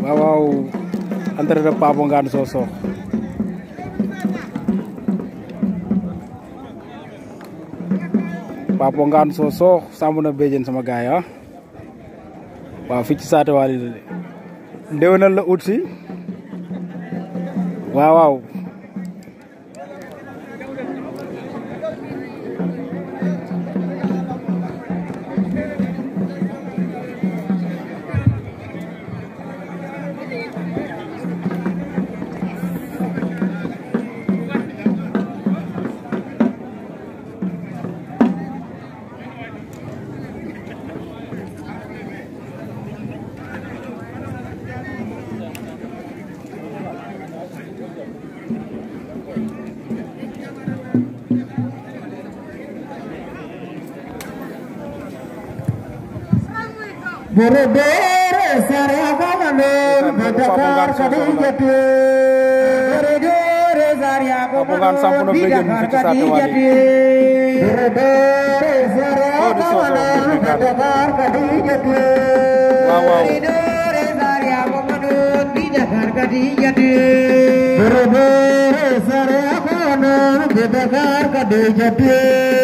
Wow, wow. antara de Papo Ngane Sossox Papo Ngane na bejen sama gaya, Wow, waaw fii ci Dewa waali utsi. wow. wow. Bere bere sare agamanon badakar kadijati. Bere bere sare agamanon bidakar kadijati. Bere bere sare agamanon badakar kadijati. Bere bere sare agamanon bidakar kadijati.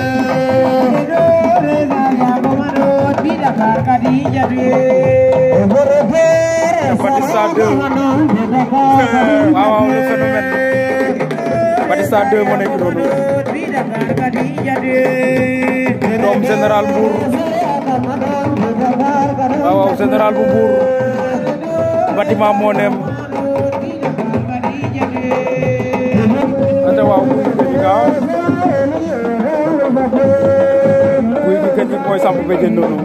Insta 2 moo nekk noonu doom général Mbour waaw waaw général bu Mbour bâtiment moo neem ate waaw guy gi ka guy gi ka mooy samp béjjën noonu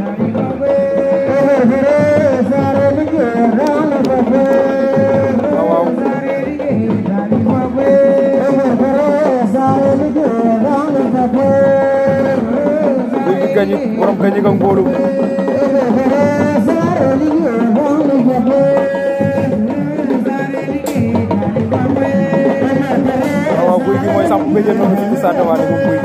gañi borom gañi ga ngóolu waaw guy gi mooy sàmm mbéjéen noonu ci biir sànni waale moom guy gi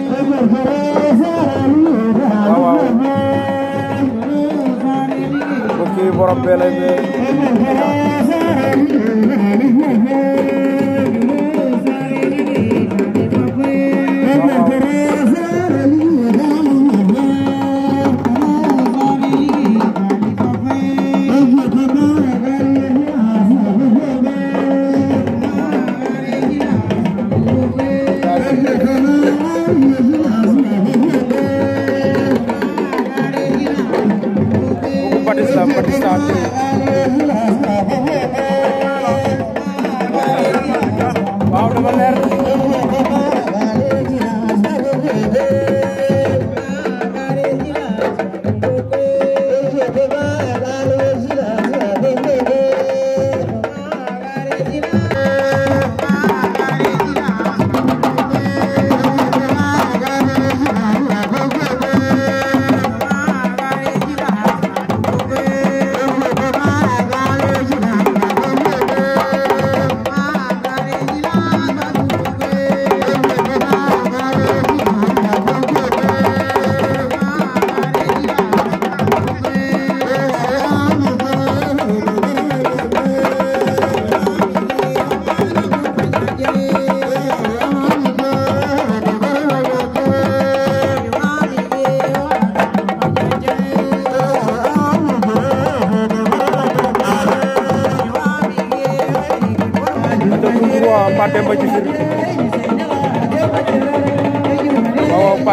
waaw waaw mbokk yi borom bee lay bee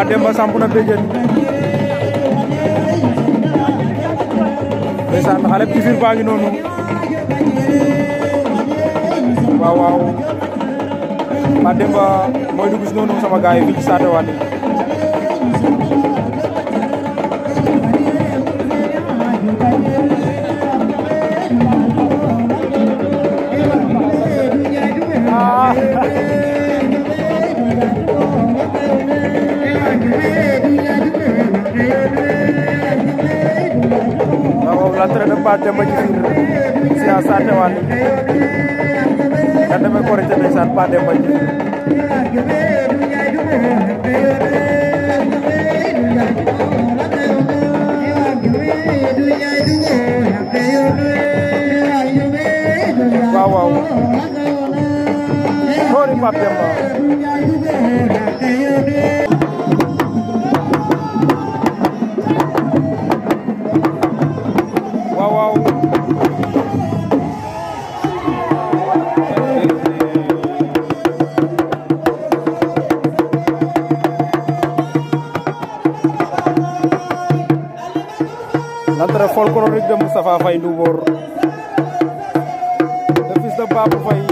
Demba samp na béjjën ndeysaan xale bi Kisir baa ngi noonu waaw waaw Demba mooy dugg sama gaay yi fii Saate Wally Saate ma ci fiir Siya Saate Wally nga demee Korité ndeysaan ba dem ma ci waaw waaw xooli Pape Demba l'entrée folklorique de Moustapha Faye Ndoubor le fils de Babou Faye